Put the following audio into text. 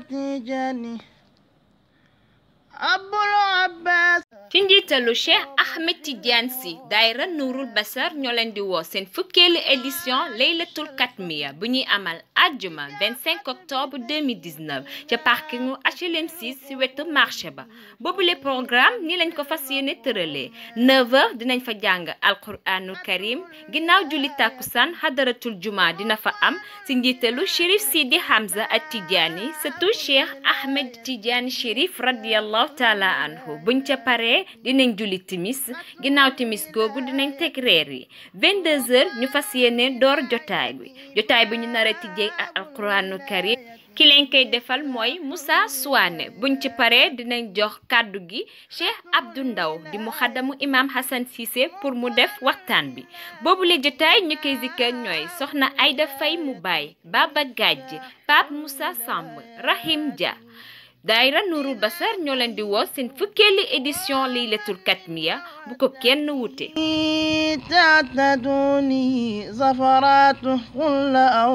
التي جاني أبلغ njiitalu Cheikh Ahmed Tidiane Sy daayira Nuurul Basar ñoo leen di woo seen fukkeelu édition laylatul katmiya bu ñuy amal àjjuma 25 octobre 2019 ca parkingu HLM 6 si wetu marché ba boobule programme ni lañ ko fas yéene tëralee 9h dinañ fa jàng alquranul karim ginnaaw julli tàkkusaan hadaratul juma dina fa am si njiitalu Chérif Sidi Hamza ak Tidiane surtout Cheikh Ahmed Tidiane Chérif radiyallahu taala anhu buñ ca paree dinañ julli timis ginnaaw timis googu dinañ teg reer yi 22h ñu fas yéene door jotaay bi jotaay bu ñu nar a tijjee ak alquraanu karim ki leen koy defal mooy Moussa Souane buñ ci paree dinañ jox kàddu gi Cheikh Abdou Ndaw di mu xaddamu imaam Hassan Cissé pour mu def waxtaan bi boobule jotaay ñu koy zikkër ñooy soxna Aïda Faye mu baay Baba Gadj Pape Moussa Samb Rahim Dia daayira Nourou Bassar ñoo leen di woo seen fukkeeli édition laylatul katmiya bu ko kenn wute tataduni zafaraatu kulla aw